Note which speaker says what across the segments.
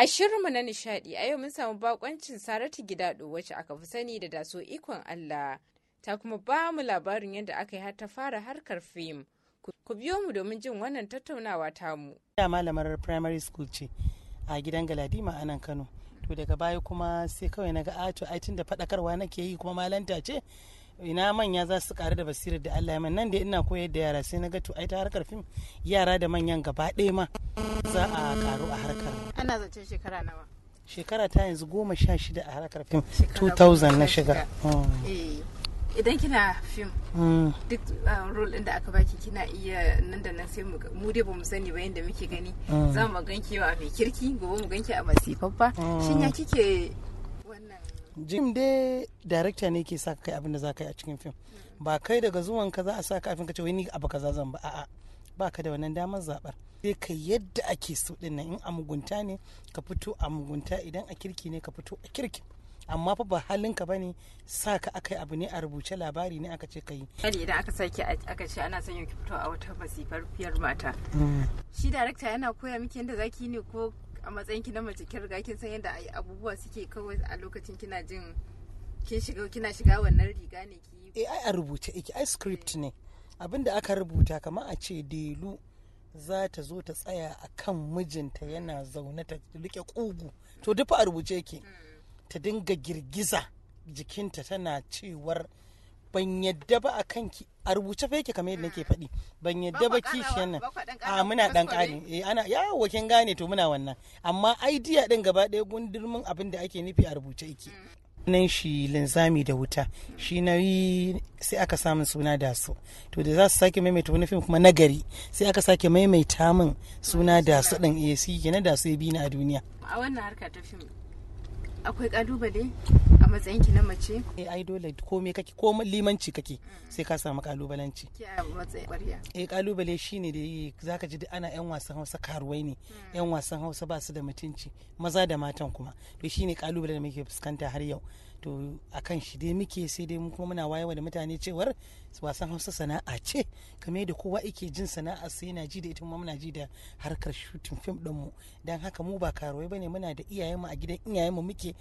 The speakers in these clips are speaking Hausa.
Speaker 1: A shirinmu na nishadi a yau mun samu bakoncin Saratu Gidado wacce aka fi sani da daso ikon Allah. Ta kuma ba mu labarin yadda aka yi har ta fara harkar fim. Ku biyo mu domin jin wannan tattaunawa tamu.
Speaker 2: Da malamar primary school ce a gidan Galadima a nan Kano. To daga baya kuma sai kawai na ga ato ah, ai tunda fadakarwa faɗakarwa nake yi kuma malanta ce ina manya za su karu da basirar da Allah ya nan da ina koyar da yara sai na ga to ai ta harkar fim yara da manyan gaba ɗaya ma za a karu a harkar ana zancen shekara nawa shekara ta yanzu goma sha shida a harkar fim 2000 na shiga oh.
Speaker 1: eh, idan kina fim mm. duk uh, rol din da aka baki kina iya nan da nan sai mu dai bamu sani ba yadda muke gani mm. za mu ganki mai kirki gobe mu ganki a
Speaker 2: masifaffa mm. shin ya kike wannan jim dai darekta ne ke sa kai abin da za ka yi a cikin fim ba kai daga zuwan ka za a sa ka abin ka ce wani ni abu kaza zan ba a'a baka da wannan damar zaɓar sai ka yadda ake so nan in a mugunta ne ka fito a mugunta idan a kirki ne ka fito a kirki amma fa ba halinka ba ne sa ka aka abu ne a rubuce labari ne aka ce ka yi. idan
Speaker 1: aka sake aka ce ana son ki fito a wata masifar fiyar mata. Mm. Shi darakta yana koya miki yadda zaki ne ko a matsayin ki na mace kin riga kin san yadda abubuwa suke kawai a lokacin kina jin kin shiga kina shiga wannan riga ne ki. Eh ai a
Speaker 2: rubuce yake ai script eh. ne. abin da aka rubuta kamar a ce delu za ta zo ta tsaya a kan mijinta yana zaune ta rike ƙugu to dufa a rubuce yake ta dinga girgiza jikinta tana cewar ban yadda ba a kanki a rubuce fa yake kamar yadda nake faɗi ban yadda ba ki shi yana a muna dan ƙari eh ana yawo kin gane to muna wannan amma idea din gaba ɗaya gundurmin abin da ake nufi a rubuce yake nan shi linzami da wuta shi na yi sai aka samun suna da su to da za su sake maimaita wani fim kuma nagari sai aka sake maimaita min suna da su din AC gina da su ya bi ni a duniya
Speaker 1: a wannan harka ta fim
Speaker 2: akwai kalubale a matsayin ki na mace eh ai dole komai kake ko limanci kake sai ka samu kalubalanci
Speaker 1: ki a matsayin ƙwarya
Speaker 2: eh kalubale shine da zaka ji duk ana yan wasan Hausa karuwai ne hmm. yan wasan Hausa ba su da mutunci maza da matan kuma to shine kalubale da muke fuskanta har yau to a kan shi dai muke sai dai mu kuma muna wayewa da mutane cewar wasan hausa sana'a ce kamar da kowa yake jin sana'a sai yana ji da ita muna ji da harkar shooting film din mu dan haka mu ba karuwai bane muna da iyayenmu a gidan iyayenmu muke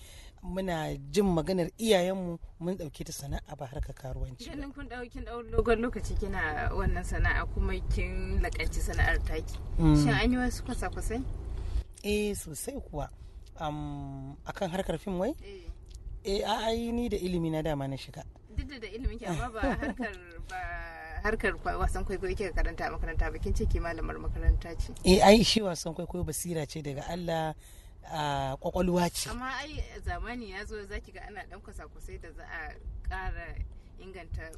Speaker 2: muna jin maganar iyayenmu mun ɗauke ta sana'a ba harka karuwanci
Speaker 1: ganin kun ɗauki dogon lokaci kina wannan sana'a kuma kin lakanci sana'ar taki mm. shin an yi wasu kwasa-kwasai eh sosai
Speaker 2: kuwa akan harkar fim wai eh, eh a ni da ilimi na dama na shiga
Speaker 1: duk da ilimi ki amma ba harkar ba
Speaker 2: harkar wasan kwaikwayo kika karanta
Speaker 1: a makaranta ba kin ce ke malamar makaranta ce eh ai
Speaker 2: shi wasan kwaikwayo basira ce daga Allah a kwakwalwa ce
Speaker 1: amma ai zamani ya zo zaki ga ana dan kwasa-kwasai da za a ƙara inganta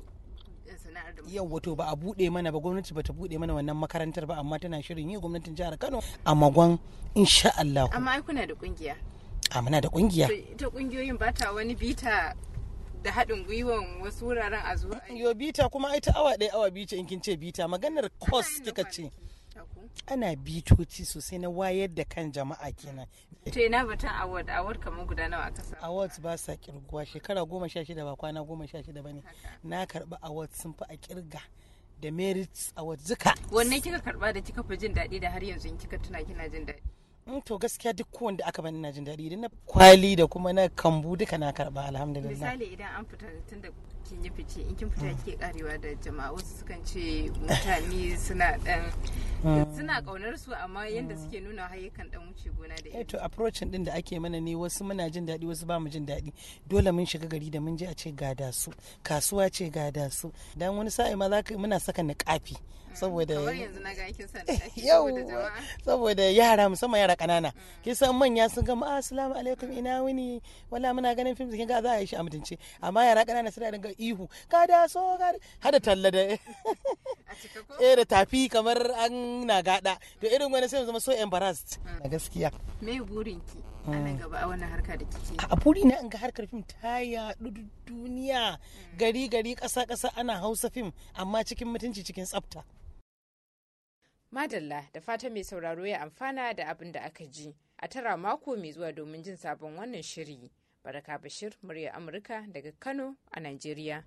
Speaker 1: yau
Speaker 2: wato ba a bude mana ba gwamnati ba ta bude mana wannan makarantar ba amma tana shirin yi gwamnatin jihar Kano a magon insha Allah
Speaker 1: amma ai kuna da kungiya
Speaker 2: a muna da kungiya
Speaker 1: ta kungiyoyin ba ta wani bita da haɗin
Speaker 2: gwiwan wasu wuraren a zuwa yo bita kuma ai ta awa ɗaya awa bita in kin ce bita maganar kos kika ce bita ku? Ana bitoci sosai na wayar da kan jama'a kenan.
Speaker 1: To ina batun award award kamar guda nawa aka samu?
Speaker 2: Awards ba sa kirguwa shekara goma sha shida ba kwana goma sha shida ba ne. Na karɓi awards sun fi a kirga. da merit awards duka.
Speaker 1: Wanne kika karɓa da kika fi jin daɗi da har yanzu in kika tuna kina jin daɗi? in
Speaker 2: mm, to gaskiya duk wanda aka bani na jin daɗi idan na kwali da kuma na kambu duka na karɓa alhamdulillah
Speaker 1: misali idan an fita tun da kin yi fice in kin fita kike karewa da jama'a wasu sukan ce mutane suna dan mm. suna kaunar su amma yanda suke nuna hayyukan dan wuce gona da ita eh to
Speaker 2: approachin din da ake mana ne wasu muna jin daɗi wasu ba mu jin daɗi dole mun shiga gari da mun je a ce ga da su kasuwa ce ga da su dan wani sa'i ma zaka muna saka niqafi mm. saboda eh, yau saboda yara musamman yara kanana mm. kin san manya sun ga ah, assalamu alaikum ina wuni wala muna ganin film kin ga za a yi shi a mutunci amma yara kanana suna dinga ihu ka da so hada talla da eh da tafi kamar an na gada to irin wani sai zama so embarrassed ah. na gaskiya me burin ki a nan gaba a wannan harka da kike a buri na in ga harkar fim ta yaɗu duniya hmm. gari gari ƙasa ƙasa ana hausa fim amma cikin mutunci cikin tsafta
Speaker 1: Madalla da fata mai sauraro ya amfana da abin da aka ji a tara mako mai zuwa domin jin sabon wannan shiri. Baraka Bashir, murya Amurka daga Kano a Najeriya.